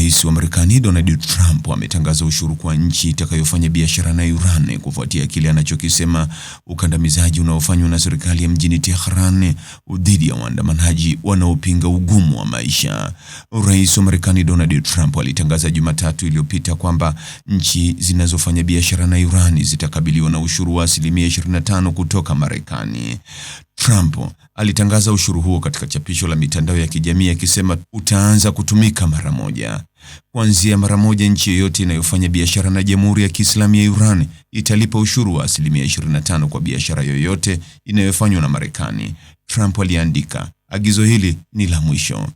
Rais wa Marekani Donald Trump ametangaza ushuru kwa nchi itakayofanya biashara na Iran kufuatia kile anachokisema ukandamizaji unaofanywa na serikali ya mjini Tehran dhidi ya waandamanaji wanaopinga ugumu wa maisha. Rais wa Marekani Donald Trump alitangaza Jumatatu iliyopita kwamba nchi zinazofanya biashara na Iran zitakabiliwa na ushuru wa asilimia 25 kutoka Marekani. Trump alitangaza ushuru huo katika chapisho la mitandao ya kijamii akisema utaanza kutumika mara moja. Kuanzia mara moja, nchi yoyote inayofanya biashara na Jamhuri ya Kiislamu ya Iran italipa ushuru wa asilimia 25 kwa biashara yoyote inayofanywa na Marekani. Trump aliandika, Agizo hili ni la mwisho.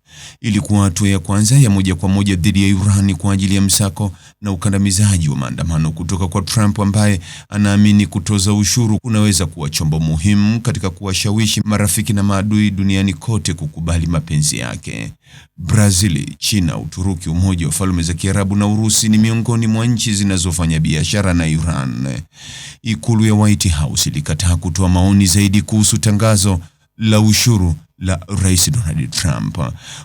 Ilikuwa hatua ya kwanza ya moja kwa moja dhidi ya Iran kwa ajili ya msako na ukandamizaji wa maandamano kutoka kwa Trump ambaye anaamini kutoza ushuru kunaweza kuwa chombo muhimu katika kuwashawishi marafiki na maadui duniani kote kukubali mapenzi yake. Brazili, China, Uturuki, Umoja wa Falme za Kiarabu na Urusi ni miongoni mwa nchi zinazofanya biashara na Iran. Ikulu ya White House ilikataa kutoa maoni zaidi kuhusu tangazo la ushuru la Rais Donald Trump.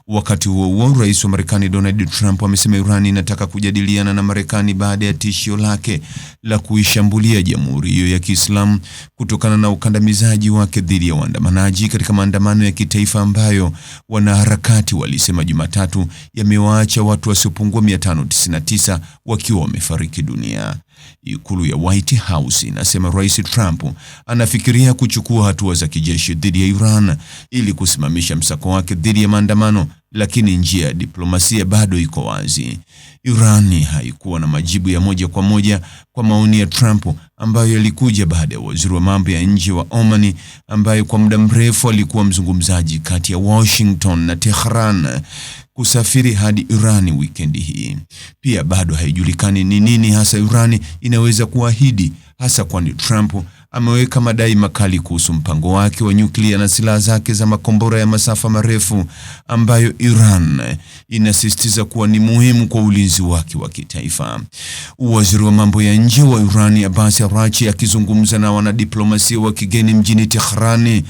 Wakati huo huo, Rais wa Marekani Donald Trump amesema Iran inataka kujadiliana na Marekani baada ya tishio lake la kuishambulia Jamhuri hiyo ya Kiislamu kutokana na ukandamizaji wake dhidi ya waandamanaji katika maandamano ya kitaifa ambayo wanaharakati walisema Jumatatu yamewaacha watu wasiopungua 599 wakiwa wamefariki dunia. Ikulu ya White House inasema Rais Trump anafikiria kuchukua hatua za kijeshi dhidi ya Iran ili kusimamisha msako wake dhidi ya maandamano, lakini njia ya diplomasia bado iko wazi. Iran haikuwa na majibu ya moja kwa moja kwa maoni ya Trump ambayo yalikuja baada ya waziri wa mambo ya nje wa Oman ambaye kwa muda mrefu alikuwa mzungumzaji kati ya Washington na Tehran kusafiri hadi Irani wikendi hii. Pia bado haijulikani ni nini hasa Irani inaweza kuahidi, hasa kwani Trump ameweka madai makali kuhusu mpango wake wa nyuklia na silaha zake za makombora ya masafa marefu ambayo Iran inasisitiza kuwa ni muhimu kwa ulinzi wake wa kitaifa. Waziri wa mambo ya nje wa Iran Abbas Araghchi akizungumza na wanadiplomasia wa kigeni mjini Tehran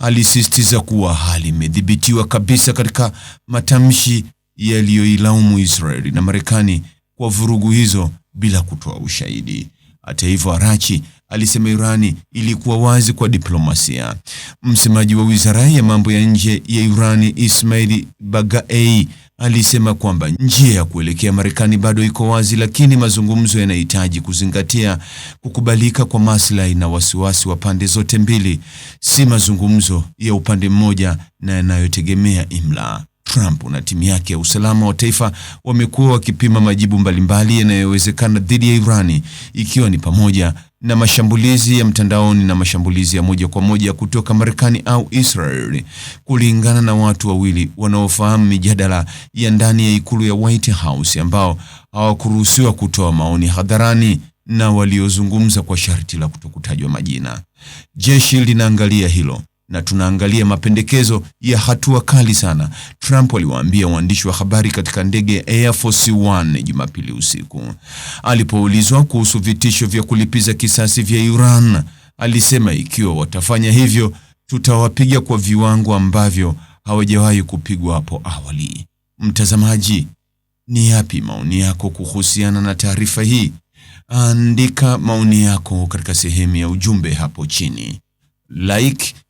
alisisitiza kuwa hali imedhibitiwa kabisa katika matamshi yaliyoilaumu Israeli na Marekani kwa vurugu hizo bila kutoa ushahidi. Hata hivyo, Araghchi alisema Irani ilikuwa wazi kwa diplomasia. Msemaji wa wizara ya mambo ya nje ya Irani Ismail Bagaei, alisema kwamba njia ya kuelekea Marekani bado iko wazi, lakini mazungumzo yanahitaji kuzingatia kukubalika kwa maslahi na wasiwasi wa pande zote mbili, si mazungumzo ya upande mmoja na yanayotegemea imla. Trump na timu yake ya usalama wa taifa wamekuwa wakipima majibu mbalimbali yanayowezekana dhidi ya Irani, ikiwa ni pamoja na mashambulizi ya mtandaoni na mashambulizi ya moja kwa moja kutoka Marekani au Israel, kulingana na watu wawili wanaofahamu mijadala ya ndani ya ikulu ya White House ambao hawakuruhusiwa kutoa maoni hadharani na waliozungumza kwa sharti la kutokutajwa majina. Jeshi linaangalia hilo na tunaangalia mapendekezo ya hatua kali sana, Trump aliwaambia waandishi wa habari katika ndege ya Air Force One Jumapili usiku. Alipoulizwa kuhusu vitisho vya kulipiza kisasi vya Iran, alisema ikiwa watafanya hivyo, tutawapiga kwa viwango ambavyo hawajawahi kupigwa hapo awali. Mtazamaji, ni yapi maoni yako kuhusiana na taarifa hii? Andika maoni yako katika sehemu ya ujumbe hapo chini. Like